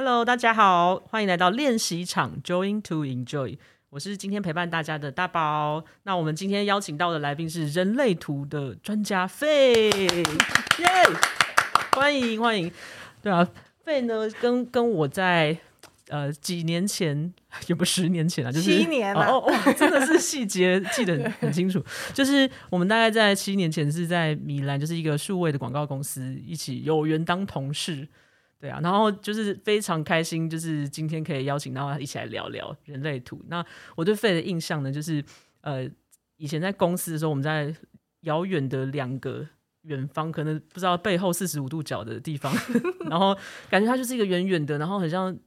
Hello，大家好，歡迎來到練習場，Join to Enjoy。我是今天陪伴大家的大寶。那我們今天邀請到的來賓是人類圖的專家 Faye，耶， yeah, 歡迎歡迎。對啊，Faye 呢，跟跟我在呃幾年前，也不十年前啊，就是七年了，哦哦，真的是細節 記得很清楚。就是我們大概在七年前是在米蘭，就是一個數位的廣告公司，一起有緣當同事。對啊，然後就是非常開心，就是今天可以邀請到他一起來聊聊人類圖。那我對 Faye 的印象呢，就是呃，以前在公司的時候，我們在遙遠的兩個遠方，可能不知道背後四十五度角的地方， 然後感覺他就是一個遠遠的，然後很像。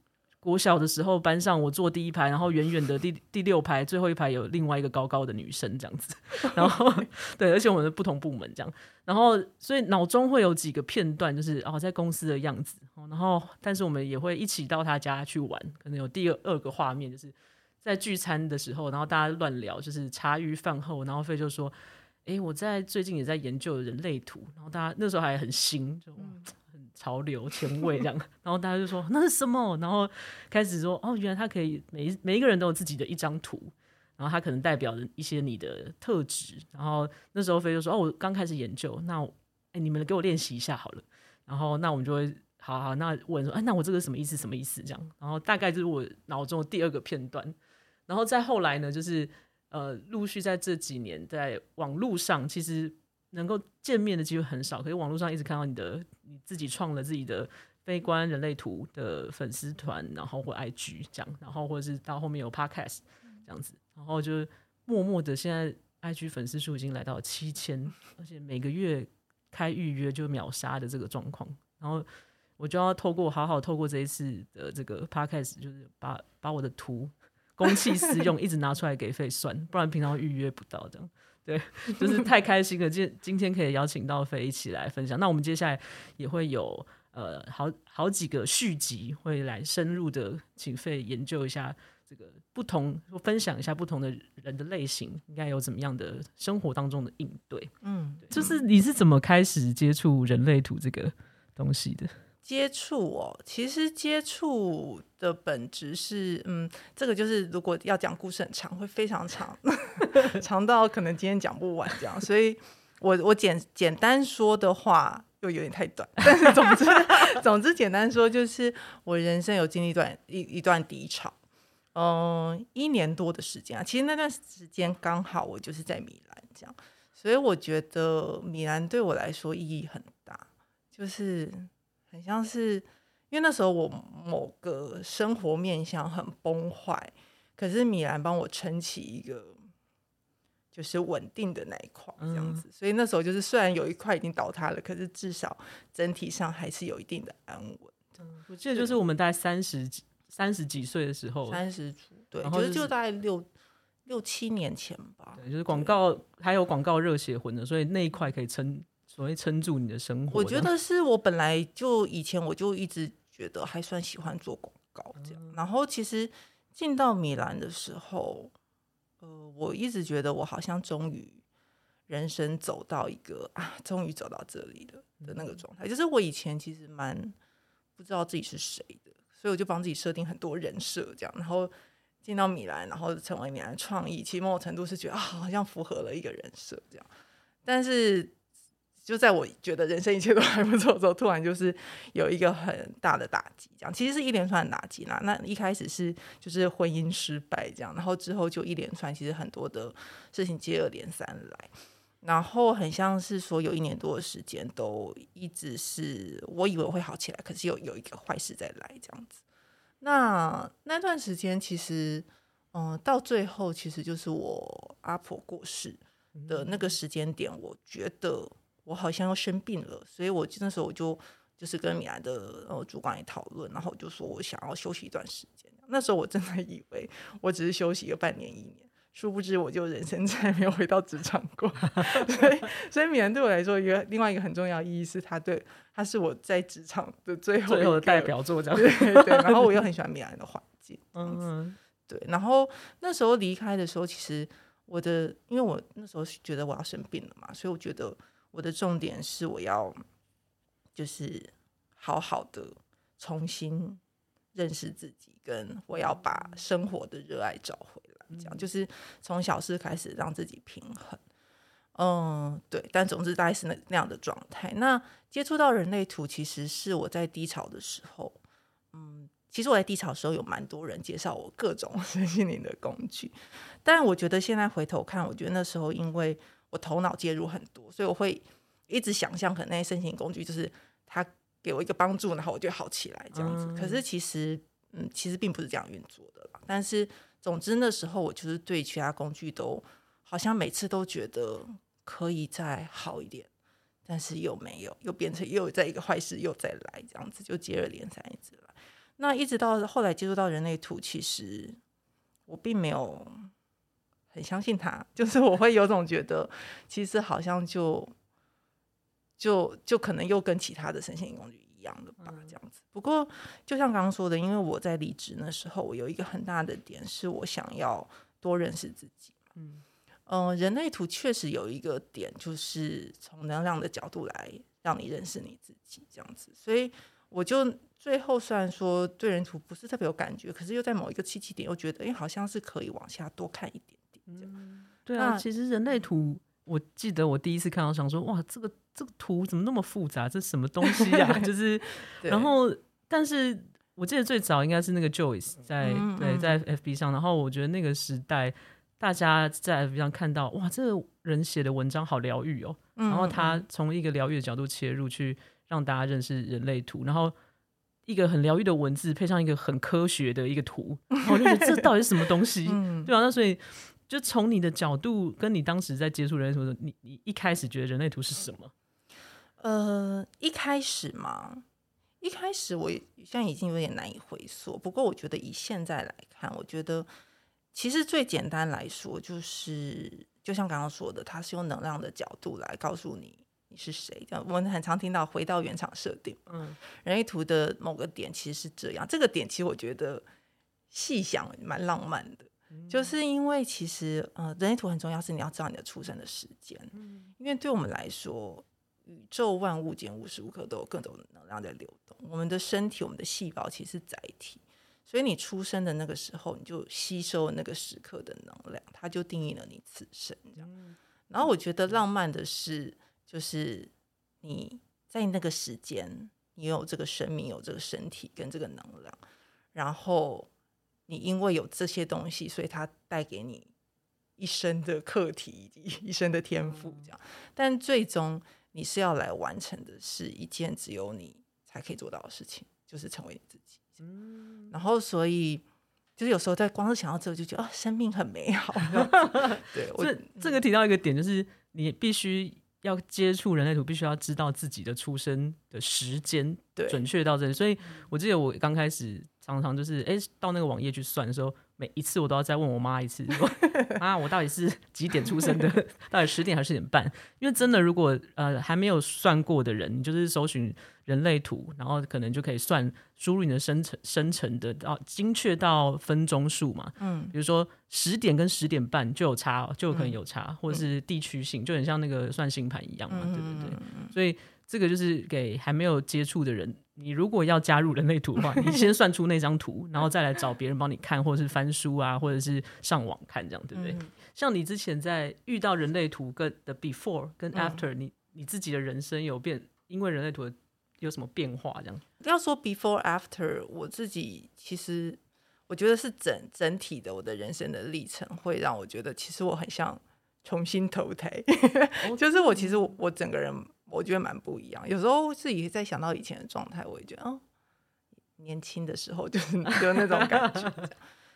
國小的時候，班上我坐第一排，然後遠遠的第第六排最後一排有另外一個高高的女生這樣子，然後 對，而且我們是不同部門這樣，然後所以腦中會有幾個片段，就是哦在公司的樣子，哦、然後但是我們也會一起到他家去玩，可能有第二個畫面就是在聚餐的時候，然後大家亂聊，就是茶餘飯後，然後 Faye 就說，哎我在最近也在研究人類圖，然後大家那時候還很新，就、嗯。潮流、前衛這樣，然後大家就說，那是什麼？然後開始說，哦，原來他可以每一每一個人都有自己的一張圖，然後他可能代表一些你的特質。然後那時候飛就說，哦，我剛開始研究，那哎、欸、你們給我練習一下好了。然後那我們就會好好那問說，哎、欸、那我這個什麼意思？什麼意思？這樣。然後大概就是我腦中的第二個片段。然後再後來呢，就是呃，陸續在這幾年在網絡上，其實。能夠見面的機會很少，可是網絡上一直看到你的，你自己創了自己的 Faye 觀人類圖的粉絲團，然後或 IG 這樣，然後或者是到後面有 podcast 這樣子，然後就默默的，現在 IG 粉絲數已經來到七千，而且每個月開預約就秒殺的這個狀況，然後我就要透過好好透過這一次的這個 podcast，就是把把我的圖。公器私用，一直拿出來給費算，不然平常預約不到的。對，就是太開心了，今今天可以邀請到費一起來分享。那我們接下來也會有呃好好幾個續集，會來深入的請費研究一下這個不同，分享一下不同的人的類型，應該有怎麼樣的生活當中的應對。嗯，對就是你是怎麼開始接觸人類圖這個東西的？接觸哦，其實接觸的本質是，嗯，這個就是如果要講故事很長，會非常長， 長到可能今天講不完這樣。所以我我簡簡單說的話又有點太短，但是總之 總之簡單說就是我人生有經歷一段一一段低潮，嗯、呃，一年多的時間啊，其實那段時間剛好我就是在米蘭這樣，所以我覺得米蘭對我來說意義很大，就是。很像是，因為那時候我某個生活面向很崩壞，可是米蘭幫我撐起一個就是穩定的那一塊，這樣子。嗯，所以那時候就是雖然有一塊已經倒塌了，可是至少整體上還是有一定的安穩。嗯，我記得就是我們大概三十幾、三十幾歲的時候，三十對，就是得就在六六七年前吧。就是廣告還有廣告熱血魂的，所以那一塊可以撐。所謂撐住你的生活，我覺得是我本來就以前我就一直覺得還算喜歡做廣告這樣。然後其實進到米蘭的時候，呃，我一直覺得我好像終於人生走到一個啊，終於走到這裡的的那個狀態。就是我以前其實蠻不知道自己是誰的，所以我就幫自己設定很多人設這樣。然後進到米蘭，然後成為米蘭創意，其實某種程度是覺得啊，好像符合了一個人設這樣。但是。就在我覺得人生一切都還不錯的時候，突然就是有一個很大的打擊，這樣其實是一連串的打擊啦、啊。那一開始是就是婚姻失敗這樣，然後之後就一連串，其實很多的事情接二連三來，然後很像是說有一年多的時間都一直是我以為我會好起來，可是有有一個壞事在來這樣子。那那段時間其實，嗯、呃，到最後其實就是我阿婆過世的那個時間點，我覺得。我好像要生病了，所以我那時候我就就是跟米蘭的呃主管也討論，然後我就說我想要休息一段時間。那時候我真的以為我只是休息個半年一年，殊不知我就人生再也沒有回到職場過。 所以所以米蘭對我來說一個另外一個很重要意義是他，他對他是我在職場的最後,最後的代表作。對,對對，然後我又很喜歡米蘭的環境。嗯嗯，對。然後那時候離開的時候，其實我的因為我那時候是覺得我要生病了嘛，所以我覺得。我的重點是，我要就是好好的重新認識自己，跟我要把生活的熱愛找回來，這樣就是從小事開始讓自己平衡。嗯，對。但總之大概是那那樣的狀態。那接觸到人類圖，其實是我在低潮的時候。嗯，其實我在低潮的時候有蠻多人介紹我各種身心靈的工具，但我覺得現在回頭看，我覺得那時候因為。我頭腦介入很多，所以我會一直想象，可能那些生情工具就是他給我一個幫助，然後我就好起來這樣子。嗯、可是其實，嗯，其實並不是這樣運作的啦。但是總之那時候我就是對其他工具都好像每次都覺得可以再好一點，但是又沒有，又變成又在一個壞事又再來這樣子，就接二連三一直來。那一直到後來接觸到人類圖，其實我並沒有。很相信他，就是我會有種覺得，其實好像就就就可能又跟其他的神仙工具一樣的吧，這樣子。不過就像剛剛說的，因為我在離職那時候，我有一個很大的點是我想要多認識自己。嗯、呃、人類圖確實有一個點，就是從能量的角度來讓你認識你自己，這樣子。所以我就最後雖然說對人圖不是特別有感覺，可是又在某一個契機點又覺得，哎，好像是可以往下多看一點。嗯，對啊，啊其實人類圖，我記得我第一次看到，想說哇，這個這個圖怎麼那麼複雜？這什麼東西啊？ 就是，對然後，但是我記得最早應該是那個 Joyce 在、嗯、對在 FB 上，對然後我覺得那個時代，大家在 FB 上看到，哇，這個人寫的文章好療癒哦，嗯、然後他從一個療癒的角度切入，去讓大家認識人類圖，然後一個很療癒的文字配上一個很科學的一個圖，然後我就覺得這到底是什麼東西？ 嗯、對啊，那所以。就從你的角度，跟你當時在接觸人類圖的時候，你你一開始覺得人類圖是什麼？呃，一開始嘛，一開始我現在已經有點難以回溯。不過我覺得以現在來看，我覺得其實最簡單來說，就是，就是就像剛剛說的，它是用能量的角度來告訴你你是誰。這樣，我很常聽到回到原廠設定，嗯，人類圖的某個點其實是這樣。這個點其實我覺得細想蠻浪漫的。就是因為其實，呃，人類圖很重要，是你要知道你的出生的時間，因為對我們來說，宇宙萬物間無時無刻都有各種能量在流動。我們的身體，我們的細胞，其實是載體。所以你出生的那個時候，你就吸收了那個時刻的能量，它就定義了你此生這樣。然後我覺得浪漫的是，就是你在那個時間，你有這個生命，有這個身體跟這個能量，然後。你因為有這些東西，所以它帶給你一生的課題、一一生的天賦，這樣。但最終你是要來完成的，是一件只有你才可以做到的事情，就是成為你自己。嗯。然後，所以就是有時候在光是想到這個，就覺得啊，生命很美好。 對，這這個提到一個點，就是你必須要接觸人類圖，必須要知道自己的出生的時間，對，準確到這裡。所以我記得我剛開始。常常就是誒、欸，到那個網頁去算的時候，每一次我都要再問我媽一次，說啊，我到底是幾點出生的？ 到底十點還是十點半？因為真的，如果呃還沒有算過的人，就是搜尋人類圖，然後可能就可以算輸入你的生成生成的到精確到分鐘數嘛。嗯，比如說十點跟十點半就有差，就有可能有差，嗯、或者是地區性，就很像那個算星盤一樣嘛。對對對，嗯嗯嗯嗯所以。這個就是給還沒有接觸的人，你如果要加入人類圖的話，你先算出那張圖， 然後再來找別人幫你看，或者是翻書啊，或者是上網看，這樣對不對？嗯、像你之前在遇到人類圖跟的 before 跟 after，、嗯、你你自己的人生有變，因為人類圖有什麼變化？這樣要說 before after，我自己其實我覺得是整整體的我的人生的歷程，會讓我覺得其實我很像重新投胎， 就是我其實我，我整個人。我覺得蠻不一樣，有時候自己在想到以前的狀態，我也覺得，哦，年輕的時候就是就那種感覺。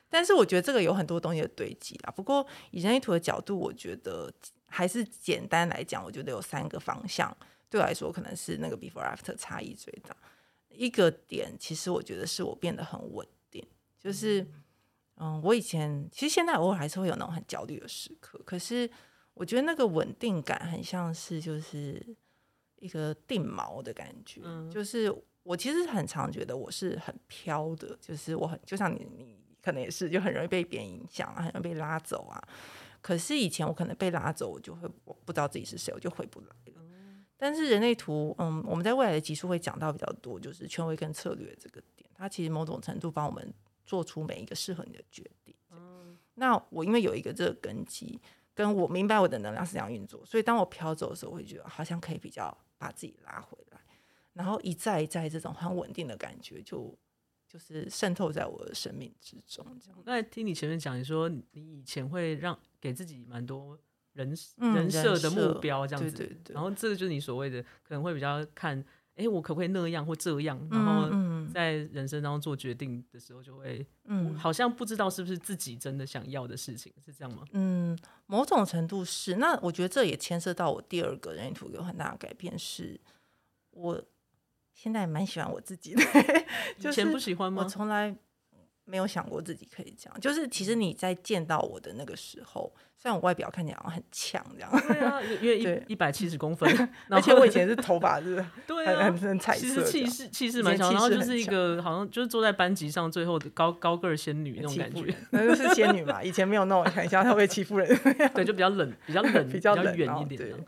但是我覺得這個有很多東西的堆積啊，不過以人類圖的角度，我覺得還是簡單來講，我覺得有三個方向。對我來說，可能是那個 Before After 差異最大一個點。其實我覺得是我變得很穩定，就是嗯，我以前其實現在偶爾還是會有那種很焦慮的時刻。可是我覺得那個穩定感很像是就是。一個定錨的感覺，嗯、就是我其實很常覺得我是很飄的，就是我很就像你，你可能也是，就很容易被別人影響啊，很容易被拉走啊。可是以前我可能被拉走，我就會我不知道自己是誰，我就回不來了。嗯、但是人類圖，嗯，我們在未來的集數會講到比較多，就是權威跟策略這個點，它其實某種程度幫我們做出每一個適合你的決定。嗯、那我因為有一個這個根基，跟我明白我的能量是怎樣運作，所以當我飄走的時候，我會覺得好像可以比較。把自己拉回來，然後一再一再這種很穩定的感覺，就就是滲透在我的生命之中。這樣，那聽你前面講，你說你以前會讓給自己蠻多人人設的目標這樣子。對對對，然後這個就是你所謂的可能會比較看。哎，我可不可以那樣或這樣？嗯、然後在人生當中做決定的時候，就會嗯，好像不知道是不是自己真的想要的事情，是這樣嗎？嗯，某種程度是。那我覺得這也牽涉到我第二個人類圖有很大的改變是，是我現在蠻喜歡我自己的，以前不喜歡嗎？ 我從來，沒有想過自己可以這樣，就是其實你在見到我的那個時候，雖然我外表看起來好像很強。這樣對啊，因為一一百七十公分，而且我以前是頭髮是，對很很彩色，其實氣勢氣勢蠻強，然後就是一個好像就是坐在班級上最後的高高個仙女那種感覺，那就是仙女嘛，以前沒有弄，看一下會不會欺負人，對，就比較冷，比較冷，比較遠一點的。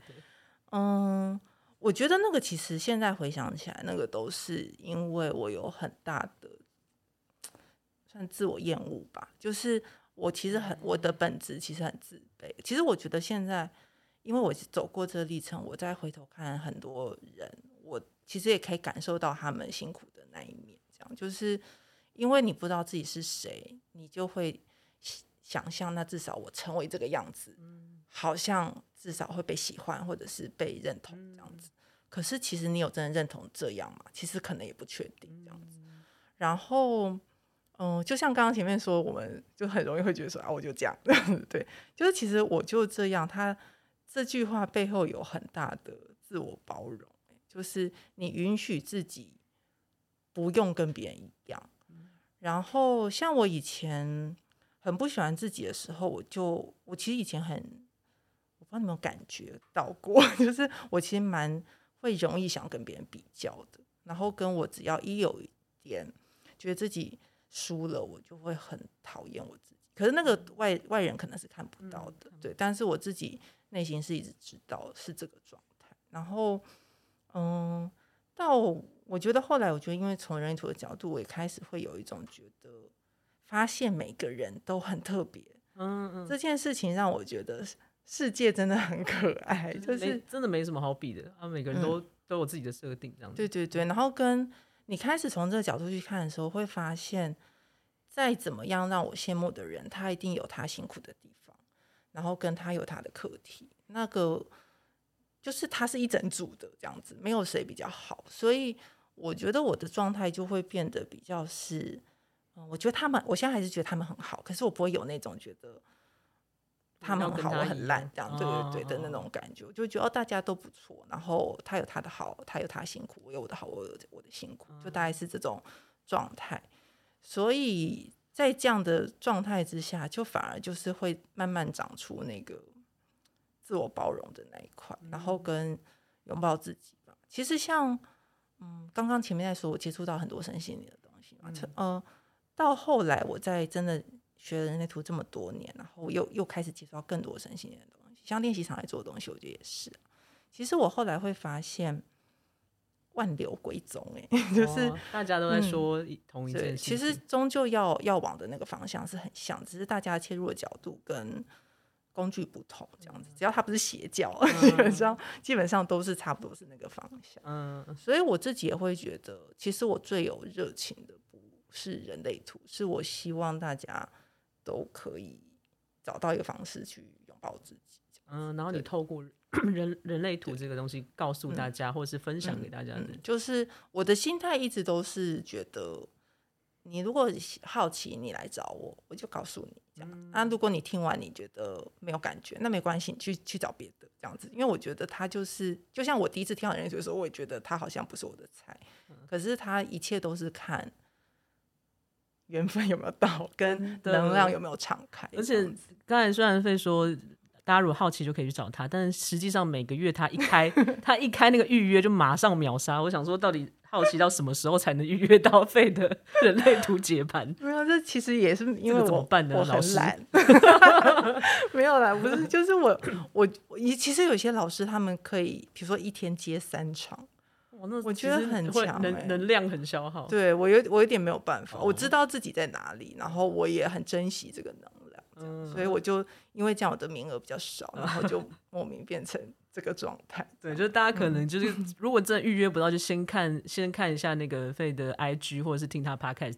嗯，我覺得那個其實現在回想起來，那個都是因為我有很大的。算自我厭惡吧，就是我其實很我的本質其實很自卑。其實我覺得現在，因為我走過這個歷程，我再回頭看很多人，我其實也可以感受到他們辛苦的那一面。這樣，就是因為你不知道自己是誰，你就會想象那至少我成為這個樣子，好像至少會被喜歡或者是被認同這樣子。可是其實你有真的認同這樣嗎？其實可能也不確定這樣子。然後。嗯，就像剛剛前面說，我們就很容易會覺得說啊，我就這樣，對，就是其實我就這樣。他這句話背後有很大的自我包容，就是你允許自己不用跟別人一樣。然後，像我以前很不喜歡自己的時候，我就我其實以前很，我不知道你有沒有感覺到過，就是我其實蠻會容易想跟別人比較的。然後，跟我只要一有一點覺得自己輸了，我就會很討厭我自己。可是那個外外人可能是看不到的，嗯嗯、對。但是我自己內心是一直知道是這個狀態。然後，嗯，到我覺得後來，我覺得因為從人類圖的角度，我也開始會有一種覺得，發現每個人都很特別，嗯。嗯，這件事情讓我覺得世界真的很可愛，就是，是真的沒什麼好比的，啊，每個人都，嗯、都有自己的設定這樣子。對，對對對，然後跟，你開始從這個角度去看的時候，會發現，再怎麼樣讓我羨慕的人，他一定有他辛苦的地方，然後跟他有他的課題。那個就是他是一整組的這樣子，沒有誰比較好。所以我覺得我的狀態就會變得比較是，嗯，我覺得他們，我現在還是覺得他們很好，可是我不會有那種覺得。他們好，我很爛，這樣對對對的那種感覺，就覺得大家都不錯。然後他有他的好，他有他辛苦，我有我的好，我有我的辛苦，就大概是這種狀態。所以在這樣的狀態之下，就反而就是會慢慢長出那個自我包容的那一塊，然後跟擁抱自己吧。其實像嗯，剛剛前面在說，我接觸到很多身心靈的東西嘛，嗯，到後來我在真的，學了人類圖這麼多年，然後又又開始接觸到更多身心靈的東西，像練習場來做的東西，我覺得也是、啊。其實我後來會發現萬流歸宗、欸，哎、哦， 就是大家都在說、嗯、同一件事，對，其實終究要要往的那個方向是很像，只是大家切入的角度跟工具不同這樣子。嗯、只要它不是邪教、啊，嗯、 基本上基本上都是差不多是那個方向。嗯，所以我自己也會覺得，其實我最有熱情的不是人類圖，是我希望大家。都可以找到一個方式去擁抱自己。嗯，然後你透過人對 人類圖這個東西告訴大家，對 或是分享給大家、嗯嗯嗯，就是我的心態一直都是覺得，你如果好奇，你來找我，我就告訴你這樣。那、嗯啊、如果你聽完你覺得沒有感覺，那沒關係，你去去找別的這樣子。因為我覺得他就是，就像我第一次聽到人類圖的時候，我也覺得他好像不是我的菜，嗯、可是他一切都是看。緣分有沒有到，跟能量有沒有敞開？而且剛才雖然費說，大家如果好奇就可以去找他，但是實際上每個月他一開， 他一開那個預約就馬上秒殺。我想說，到底好奇到什麼時候才能預約到費的人類圖解盤？沒有，這其實也是因為我怎麼辦呢？我很懶， 沒有啦，不是，就是我我一其實有些老師他們可以，比如說一天接三場。哦、我覺得很強、欸，能能量很消耗。對我有我有點沒有辦法。嗯、我知道自己在哪裡，然後我也很珍惜這個能量，嗯、所以我就因為這樣我的名額比較少，然後就莫名變成這個狀態。嗯、對，就大家可能就是如果真的預約不到，就先看、嗯、先看一下那個 Faye 的 IG，或者是聽他 Podcast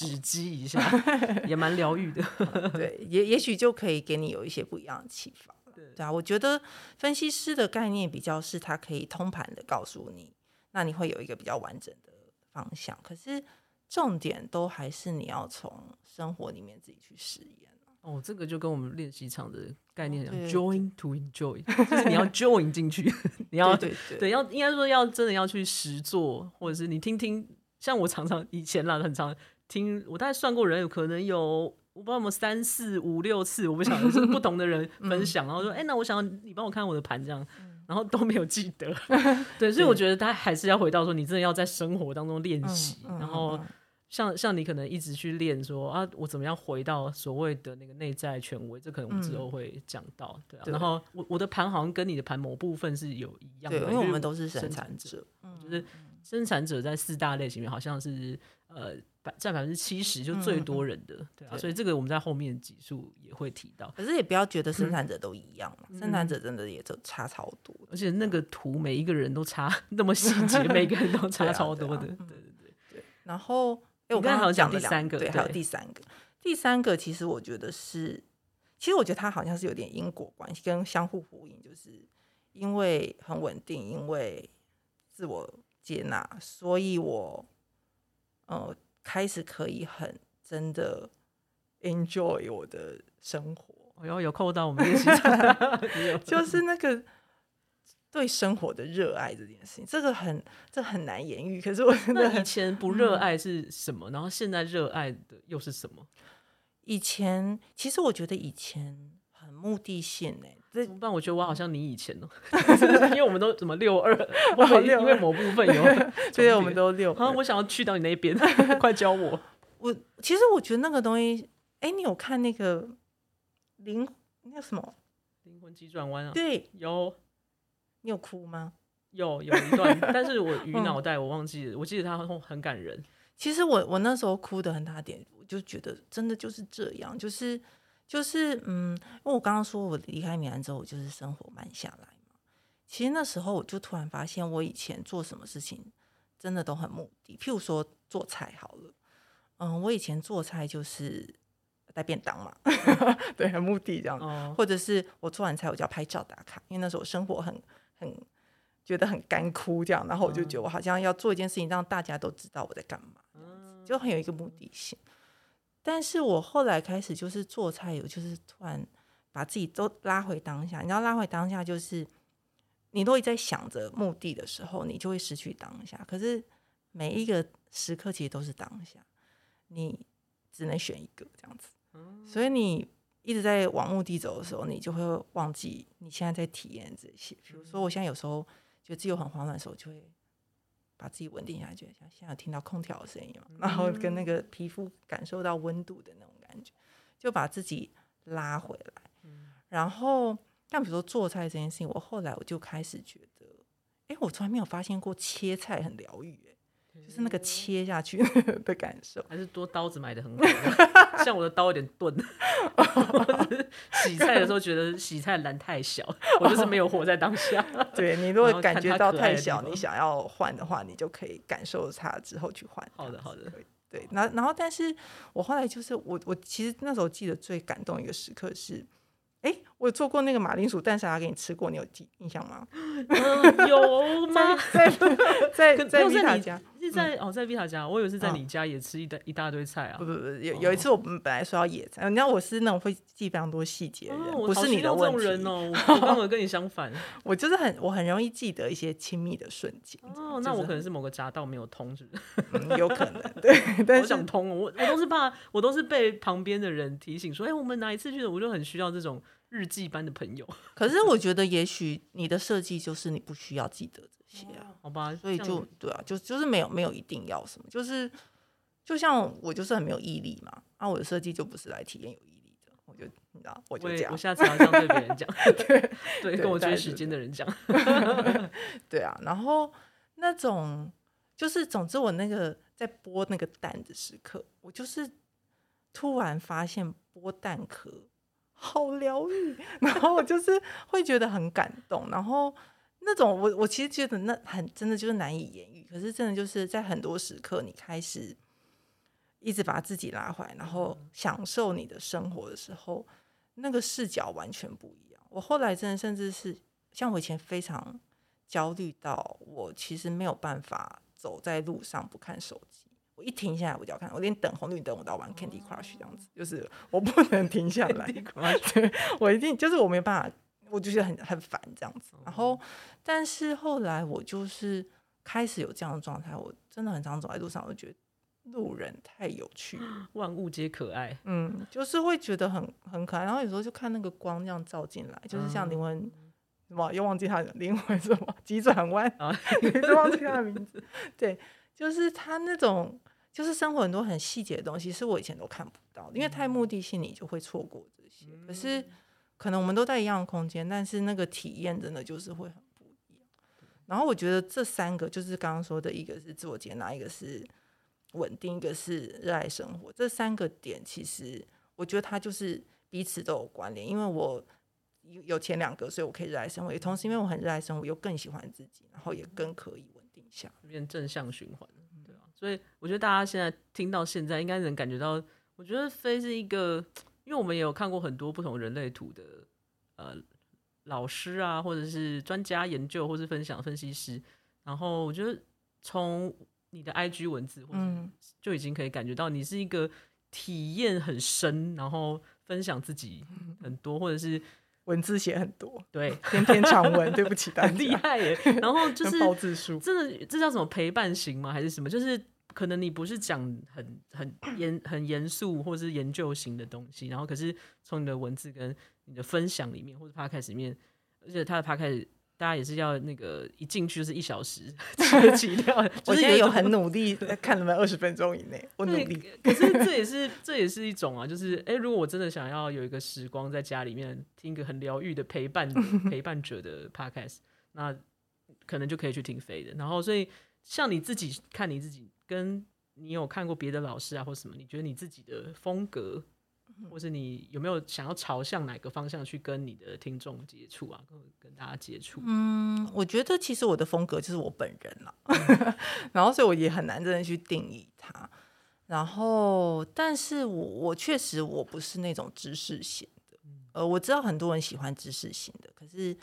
一下、哦、 也蠻療癒的、嗯。對，也也許就可以給你有一些不一樣的啟發。對，對啊，我覺得分析師的概念比較是他可以通盤的告訴你。那你會有一個比較完整的方向，可是重點都還是你要從生活裡面自己去實驗。哦，這個就跟我們練習場的概念一樣、嗯、，join to enjoy，對就是你要 join 進去， 你要對對,對,對要應該說要真的要去實做，或者是你聽聽，像我常常以前啦，很常聽，我大概算過人，有可能有我不知道我們三四五六次，我不想跟 不同的人分享，嗯、然後說，哎、欸，那我想要你幫我看我的盤這樣。嗯然後都沒有記得， 對，所以我覺得他還是要回到說，你真的要在生活當中練習。嗯嗯、然後像，像像你可能一直去練說啊，我怎麼樣回到所謂的那個內在權威？這可能我們之後會講到，嗯對，啊、對。然後我我的盤好像跟你的盤某部分是有一樣的，對因為我們都是生產者，嗯、就是生產者在四大類型裡面好像是呃。佔百分之七十，就最多人的，所以這個我們在後面集數也會提到。可是也不要覺得生產者都一樣，生產者真的也就差超多。而且那個圖每一個人都差那麼細節，每個人都差超多的。對對對對。然後，哎，我剛才好像講了三個，對，還有第三個，第三個其實我覺得是，其實我覺得他好像是有點因果關係跟相互呼應，就是因為很穩定，因為自我接納，所以我，呃。開始可以很真的 enjoy 我的生活，然後、哎、有扣到我們一起， 就是那個對生活的熱愛這件事情，這個很這個、很難言喻。可是我真的以前不熱愛是什麼，嗯、然後現在熱愛的又是什麼？以前其實我覺得以前很目的性誒、欸。但我覺得我好像你以前哦，因為我們都怎麼六二，我好六，因為某部分有，所以我們都六。好像，我想要去到你那邊，快教我。我其實我覺得那個東西，哎，你有看那個靈那個什麼靈魂急轉彎啊？對，有。你有哭嗎？有，有一段，但是我魚腦袋，我忘記了。我記得它很很感人。其實我我那時候哭得很大點，我就覺得真的就是這樣，就是。就是嗯，因為我剛剛說我離開米蘭之後，我就是生活慢下來嘛。其實那時候我就突然發現，我以前做什麼事情真的都很目的。譬如說做菜好了，嗯，我以前做菜就是帶便當嘛，嗯、 對，很目的這樣子。嗯、或者是我做完菜，我就要拍照打卡，因為那時候我生活很很覺得很乾枯這樣。然後我就覺得我好像要做一件事情，讓大家都知道我在幹嘛，這樣子就很有一個目的性。但是我後來開始就是做菜，有就是突然把自己都拉回當下。你要拉回當下，就是你如果在想着目的的時候，你就會失去當下。可是每一個時刻其實都是當下，你只能選一個這樣子。所以你一直在往目的走的時候，你就會忘記你現在在體驗這些。比如說，我現在有時候就只有很慌亂的時候，就會。把自己穩定下去，像現在聽到空調的聲音，然後跟那個皮膚感受到溫度的那種感覺，就把自己拉回來。然後，但比如說做菜這件事情，我後來我就開始覺得，哎、欸，我從來沒有發現過切菜很療癒、欸。就是那個切下去的感受，還是多刀子買得很好 像我的刀有點鈍， 洗菜的時候覺得洗菜籃太小， 我就是沒有活在當下。對，你如果感覺到太小，你想要換的話，你就可以感受它之後去換。好的，好的。對對，然，然後但是我後來就是我我其實那時候記得最感動一個時刻是，哎、欸，我有做過那個馬鈴薯蛋沙拉給你吃過，你有記印象嗎？啊、有嗎？在在 在米卡家。是在、嗯、哦，在 Vita 家，我有次在你家也吃一大一大堆菜啊、嗯！不不不，有、哦、有一次我們本來說要野餐，你知道我是那種會記非常多細節的人，哦、我這種人、哦、不是你的問題哦。我剛好跟你相反，我就是很我很容易記得一些親密的瞬間。哦，就是、那我可能是某個匝道沒有通是不是、嗯，有可能對。 但是我想通了，我我都是怕，我都是被旁邊的人提醒說，哎、欸，我們哪一次去的，我就很需要這種日記般的朋友。可是我覺得，也許你的設計就是你不需要記得的。啊、好吧，所以就對啊，就就是沒有沒有一定要什麼，就是就像我就是很沒有毅力嘛，啊，我的設計就不是來體驗有毅力的，我就你知道，我，也我就這樣，我下次要這樣對別人講， 對，跟我追時間的人講，對， 對啊，然後那種就是總之我那個在剝那個蛋的時刻，我就是突然發現剝蛋殼好療癒，然後我就是會覺得很感動， 然後。那種我我其實覺得那很真的就是難以言喻，可是真的就是在很多時刻，你開始一直把自己拉回來，然後享受你的生活的時候，嗯、那個視角完全不一樣。我後來真的甚至是像我以前非常焦慮到，我其實沒有辦法走在路上不看手機。我一停下來我就要看，我連等紅綠燈我都玩 Candy Crush 這樣子，啊、就是我不能停下來。Candy Crush 我一定就是我沒辦法。我就覺得很很煩這樣子，然後，但是後來我就是開始有這樣的狀態，我真的很常走在路上，我就覺得路人太有趣，萬物皆可愛，嗯，就是會覺得很很可愛，然後有時候就看那個光這樣照進來，就是像靈魂什麼，又忘記他的靈魂什麼急轉彎，啊，又忘記他的名字， 對，就是他那種就是生活很多很細節的東西，是我以前都看不到的，因為太目的性，你就會錯過這些，嗯、可是。可能我們都在一樣的空間，但是那個體驗真的就是會很不一樣。然後我覺得這三個就是剛剛說的一個是自我接納，一個是穩定，一個是熱愛生活。這三個點其實我覺得它就是彼此都有關聯。因為我有前兩個，所以我可以熱愛生活；也同時，因為我很熱愛生活，又更喜歡自己，然後也更可以穩定一下，變正向循環。對啊，所以我覺得大家現在聽到現在應該能感覺到，我覺得 Faye 是一個。因為我們也有看過很多不同人類圖的呃老師啊，或者是專家研究，或者是分享分析師，然後我覺得從你的 IG 文字，或者就已經可以感覺到你是一個體驗很深，然後分享自己很多，或者是文字寫很多，對，天天長文，對不起，但 很厲害耶。然後就是，真的、這個、這叫什麼陪伴型嗎？還是什麼？就是。可能你不是講很很嚴很嚴肅或者是研究型的東西，然後可是從你的文字跟你的分享裡面，或者 podcast 裡面，而且他的 podcast 大家也是要那個一進去就是一小時，我是也有很努力 看了，他們二十分鐘以內。我努力， 可是這也是這也是一種啊，就是哎、欸，如果我真的想要有一個時光在家裡面聽一個很療癒的陪伴陪伴者的 podcast，那可能就可以去聽 Faye 的，然後所以。像你自己看你自己，跟你有看過別的老師啊，或者什麼？你覺得你自己的風格，或是你有沒有想要朝向哪個方向去跟你的聽眾接觸啊，跟，跟大家接觸？嗯，我覺得其實我的風格就是我本人了啊，然後所以我也很難真的去定義它。然後，但是我我確實我不是那種知識型的，呃，我知道很多人喜歡知識型的，可是。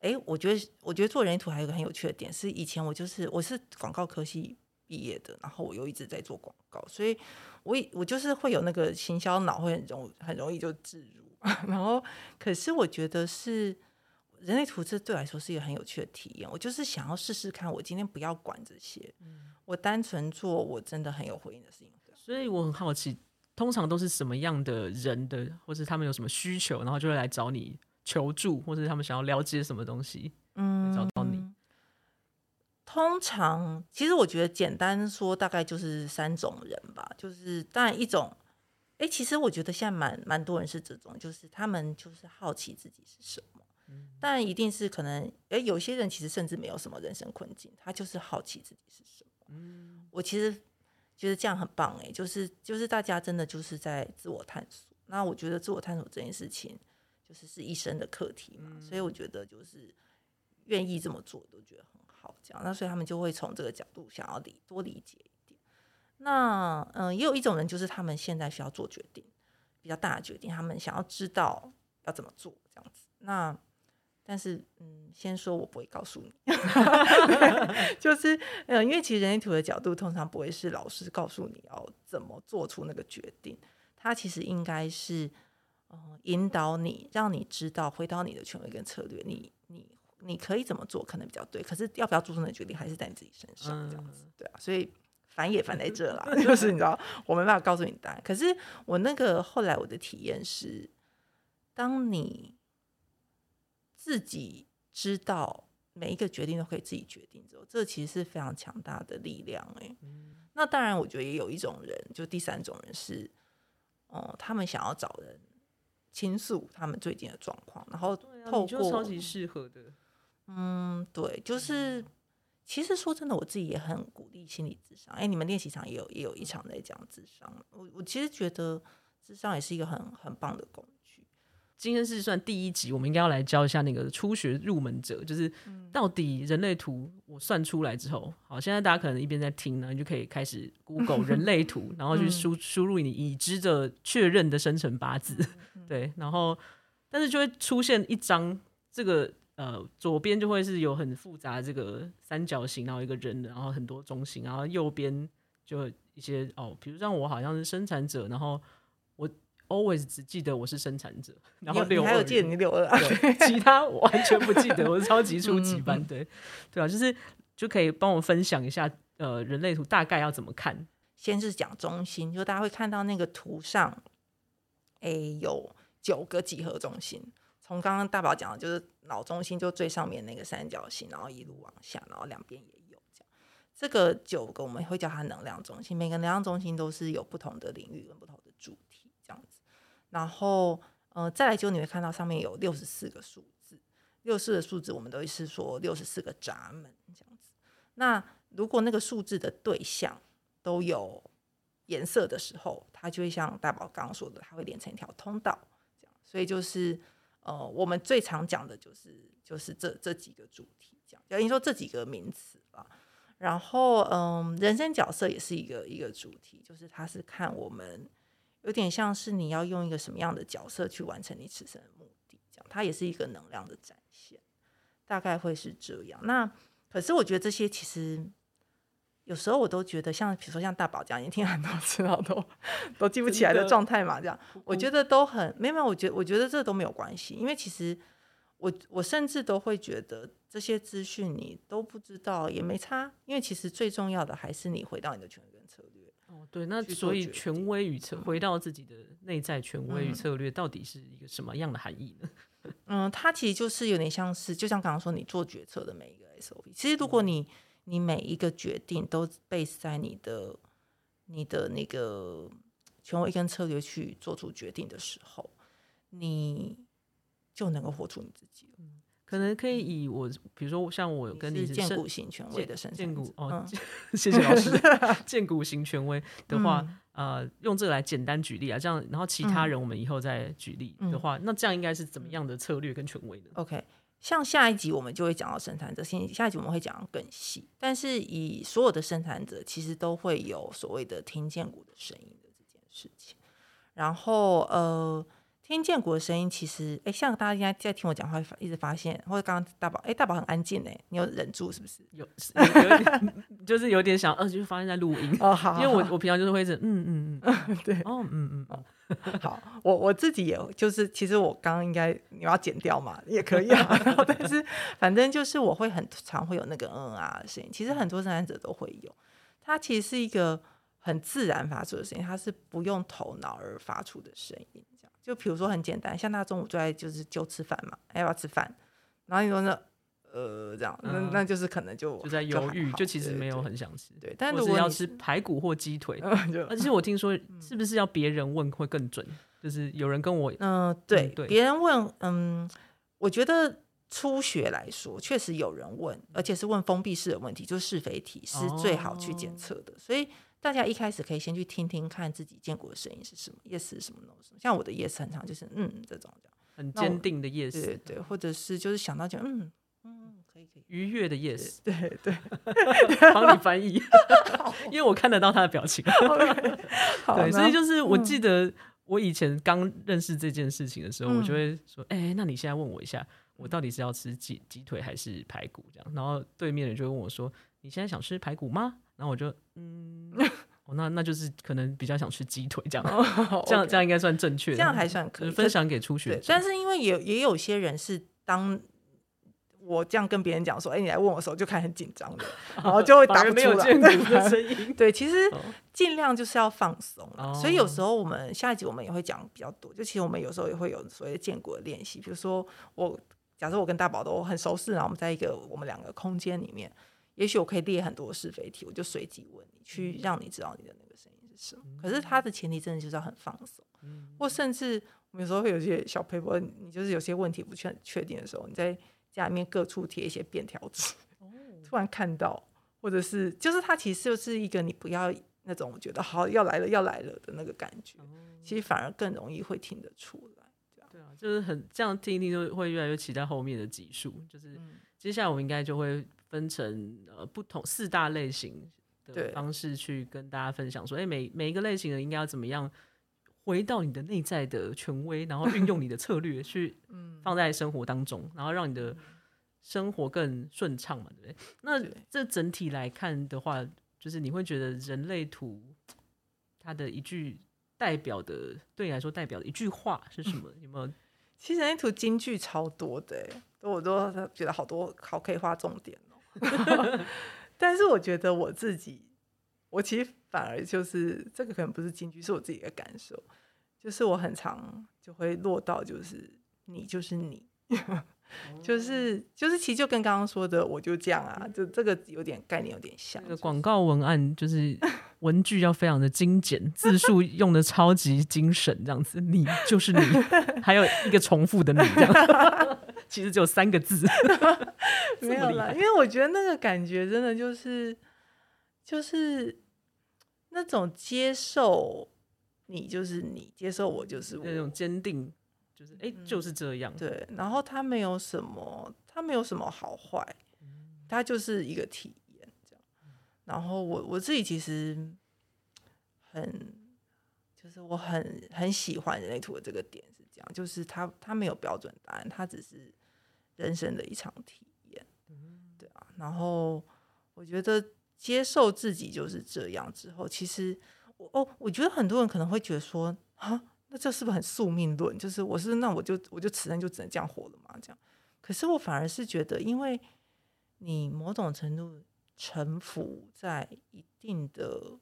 誒、欸，我覺得，我覺得做人類圖還有個很有趣的點是，以前我就是我是廣告科系畢業的，然後我又一直在做廣告，所以我，我我就是會有那個行銷腦，會很容很容易就自如。然後，可是我覺得是人類圖，這對我來說是一個很有趣的體驗。我就是想要試試看，我今天不要管這些，嗯、我單純做我真的很有回應的事情。所以我很好奇，通常都是什麼樣的人的，或是他們有什麼需求，然後就會來找你。求助，或者他們想要了解什麼東西，嗯，找到你、嗯。通常，其實我覺得簡單說，大概就是三種人吧。就是，當然一種，哎、欸，其實我覺得現在蠻蠻多人是這種，就是他們就是好奇自己是什麼。嗯、但一定是可能，哎、欸，有些人其實甚至沒有什麼人生困境，他就是好奇自己是什麼。嗯，我其實覺得這樣很棒、欸，哎，就是就是大家真的就是在自我探索。那我覺得自我探索這件事情，就是是一生的課題嘛，嗯、所以我覺得就是願意這麼做，都覺得很好，這樣，那所以他們就會從這個角度想要理多理解一點。那嗯，也有一種人就是他們現在需要做決定，比較大的決定，他們想要知道要怎麼做這樣子。那但是嗯，先說我不會告訴你， 就是嗯，因為其實人類圖的角度通常不會是老師告訴你要怎麼做出那個決定，他其實應該是。哦、嗯，引導你，讓你知道回到你的權威跟策略，你你你可以怎麼做，可能比較對。可是要不要做這個決定，還是在你自己身上這樣子，嗯、對啊。所以煩也煩在這啦， 就是你知道 我沒辦法告訴你答案。可是我那個後來我的體驗是，當你自己知道每一個決定都可以自己決定之後，這其實是非常強大的力量哎、欸。嗯、那當然，我覺得也有一種人，就第三種人是，哦、嗯，他們想要找人，傾訴他們最近的狀況，然後透過、啊，超級適合的，嗯，對，就是其實說真的，我自己也很鼓勵心理諮商。哎、欸，你們練習場也有也有一場在講諮商，我我其實覺得諮商也是一個很很棒的功。今天是算第一集，我們應該要來教一下那個初學入門者，就是到底人類圖我算出來之後，好，現在大家可能一邊在聽呢，你就可以開始 Google 人類圖， 然後去輸輸入你已知的確認的生辰八字， 對，然後但是就會出現一張這個呃左邊就會是有很複雜這個三角形，然後一個人，然後很多中心，然後右邊就有一些哦，比如像我好像是生產者，然後我。always 只記得我是生產者，然後六二，還有記得你六二、啊，對， 其他我完全不記得，我是超級初級班， 嗯嗯對，對啊，就是就可以幫我分享一下，呃，人類圖大概要怎麼看？先是講中心，就大家會看到那個圖上，哎、欸，有九個幾何中心，從剛剛大寶講的就是腦中心，就最上面那個三角形，然後一路往下，然後兩邊也有這樣，這個九個我們會叫它能量中心，每個能量中心都是有不同的領域跟不同的。然後，呃，再來就你會看到上面有六十四個數字，六十四個數字，我們都是說六十四個閘門這樣子。那如果那個數字的對象都有顏色的時候，它就會像大寶剛剛說的，它會連成一條通道這樣。所以就是，呃，我們最常講的就是就是這這幾個主題，講等於說這幾個名詞啊，然後，嗯、呃，人生角色也是一個一個主題，就是它是看我們。有點像是你要用一個什麼樣的角色去完成你此生的目的，這樣它也是一個能量的展現，大概會是這樣。那可是我覺得這些其實有時候我都覺得像，像比如說像大寶這樣，你聽很多次都，好都，都記不起來的狀態嘛，這樣的我覺得都很沒有。我覺得我覺得這都沒有關係，因為其實我我甚至都會覺得這些資訊你都不知道也沒差，因為其實最重要的還是你回到你的權利跟策略。哦，對，那所以權威與策，回到自己的內在權威與策略，到底是一個什麼樣的含義呢？嗯，嗯，它其實就是有點像是，就像剛剛說，你做決策的每一個 SOP，其實如果你你每一個決定都 base 在你的你的那個權威跟策略去做出決定的時候，你就能夠活出你自己。可能可以以我，比如說像我跟你是，你是薦骨型權威的生產者，薦骨哦、嗯，謝謝老師， 薦骨型權威的話，嗯、呃，用這個來簡單舉例啊，這樣，然後其他人我們以後再舉例的話，嗯、那這樣應該是怎麼樣的策略跟權威呢、嗯、？OK，像下一集我們就會講到生產者，下下一集我們會講更細，但是以所有的生產者其實都會有所謂的聽薦骨的聲音的這件事情，然後呃。聽建國的聲音，其實哎、欸，像大家應該在聽我講話，一直發現，或者剛剛大寶，哎、欸，大寶很安靜哎、欸，你有忍住是不是？有，是有有 就是有點想，嗯、呃，就發現在錄音哦，好，因為我好好我平常就是會是、嗯，嗯嗯對、哦、嗯，對，哦嗯嗯嗯，哦、好， 我我自己也，就是其實我剛剛應該你要剪掉嘛，也可以啊， 但是反正就是我會很常會有那個嗯啊的聲音，其實很多生產者都會有，它其實是一個很自然發出的聲音，它是不用頭腦而發出的聲音。就比如說很簡單，像他中午就在就是就吃飯嘛，要不要吃飯？然後你說那呃，這樣、嗯、那那就是可能就，就在猶豫，就，就其實沒有很想吃。對，但如果要吃排骨或雞腿，而且我聽說是不是要別人問會更準？嗯、就是有人跟我，嗯，對，別人問，嗯，我覺得初學來說確實有人問，而且是問封閉式的問題，就是是非題是最好去檢測的，哦、所以。大家一開始可以先去聽聽看自己薦骨的聲音是什麼，mm hmm. y、yes, e 什麼東西，像我的夜、yes、e 很長，就是嗯這種這，很堅定的夜、yes, e 對，對，對，或者是就是想到就嗯嗯可以可以，可以愉悅的 yes e 對對，幫 你翻譯， 好 因為我看得到他的表情， okay, 對，好呢所以就是我記得我以前剛認識這件事情的時候，嗯，我就會說，哎，欸，那你現在問我一下，我到底是要吃雞雞腿還是排骨這樣？然後對面人就會問我說，你現在想吃排骨嗎？那我就嗯、 哦，那那就是可能比較想吃雞腿這樣，這樣、oh, okay, 這樣應該算正確這樣還算可以但分享給初學對但是因為也也有些人是當我這樣跟別人講說，哎、 欸，你來問我的時候，就開始很緊張的， 然後就會打個沒有了。 對，其實儘量就是要放鬆。Oh. 所以有時候我們下一集我們也會講比較多。就其實我們有時候也會有所謂的建國練習，比如說我假設我跟大寶都很熟悉，然後我們在一個我們兩個空間裡面。也許我可以列很多是非題，我就隨機問你，嗯嗯，去讓你知道你的那個聲音是什麼。嗯嗯，可是它的前提真的就是要很放鬆，嗯嗯，或甚至我們有時候會有些小配合，你就是有些問題不確確定的時候，你在家裡面各處貼一些便條紙，哦，突然看到，或者是就是它其實就是，是一個你不要那種我覺得好要來了要來了的那個感覺，其實反而更容易會聽得出來，對啊，對啊，就是很這樣聽一聽，就會越來越期待後面的集數，嗯嗯，就是接下來我們應該就會分成呃不同四大類型的方式去跟大家分享說，說誒對、欸、每每一個類型的應該要怎麼樣回到你的內在的權威，然後運用你的策略去嗯放在生活當中， 嗯、然後讓你的生活更順暢嘛，對不對？那這整體來看的話，就是你會覺得人類圖它的一句代表的對你來說代表的一句話是什麼？嗯、有沒有？其實人類圖金句超多的、欸，我都覺得好多好可以劃重點。 但是我覺得我自己，我其實反而就是這個可能不是金句，是我自己的感受，就是我很常就會落到就是你就是你。就是 Yeah,、嗯、就是，就是、其實就跟剛剛說的，我就這樣啊，就這個有點概念有點像。廣告文案就是文具要非常的精簡， 字數用的超級精神，這樣子，你就是你， 還有一個重複的你，這樣子， 其實只有三個字， 沒有啦，因為我覺得那個感覺真的就是就是那種接受你就是你，接受我就是我那種堅定。就是哎，就是這樣，嗯。對，然後他沒有什麼，他沒有什麼好壞，嗯、他就是一個體驗，這樣。然後我我自己其實很，就是我很很喜歡人類圖的這個點是這樣，就是他他沒有標準答案，他只是人生的一場體驗，嗯、對啊，然後我覺得接受自己就是這樣之後，其實我哦，我覺得很多人可能會覺得說哈那這是不是很宿命論？就是我是，是那我就我就此生就只能這樣活了嘛？這樣，可是我反而是覺得，因為你某種程度臣服在一定的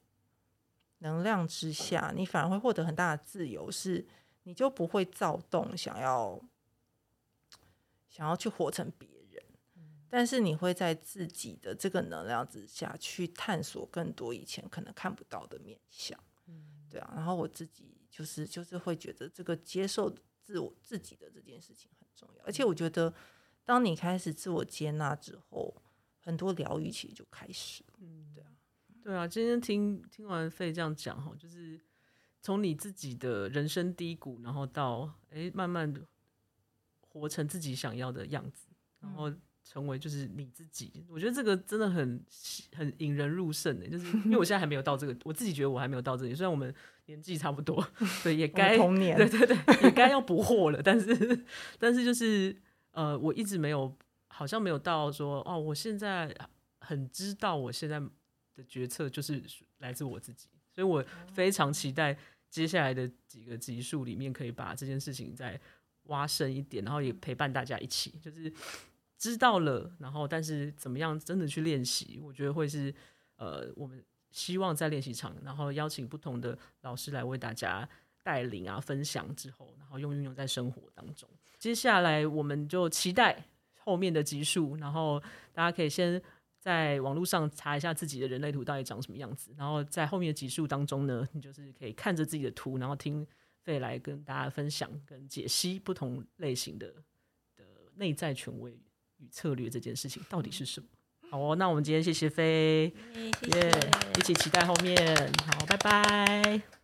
能量之下，你反而會獲得很大的自由，是你就不會躁動，想要想要去活成別人，嗯，但是你會在自己的這個能量之下去探索更多以前可能看不到的面相。嗯，對啊，然後我自己。就是就是會覺得這個接受自我自己的這件事情很重要，而且我覺得，當你開始自我接納之後，很多療癒其實就開始了。嗯，對啊，對啊，今天聽聽完 Faye 這樣講哈，就是從你自己的人生低谷，然後到哎、欸，慢慢的活成自己想要的樣子，然後。成為就是你自己，我覺得這個真的很很引人入勝的、欸，就是因為我現在還沒有到這個，我自己覺得我還沒有到這裡。雖然我們年紀差不多，對，也該童年，對對對，也該要不惑了。 但是，但是就是呃，我一直沒有，好像沒有到說哦，我現在很知道，我現在的決策就是來自我自己。所以，我非常期待接下來的幾個集數裡面，可以把這件事情再挖深一點，然後也陪伴大家一起，就是。知道了，然後但是怎麼樣真的去練習？我覺得會是，呃，我們希望在練習場，然後邀請不同的老師來為大家帶領啊、分享之後，然後用運用在生活當中。接下來我們就期待後面的集數，然後大家可以先在網絡上查一下自己的人類圖到底長什麼樣子，然後在後面的集數當中呢，你就是可以看着自己的圖，然後聽 Faye 來跟大家分享跟解析不同類型的的內在權威與策略這件事情到底是什麼？嗯，好哦，那我們今天謝謝 Faye 耶，嗯，謝謝，yeah，一起期待後面。好，拜拜。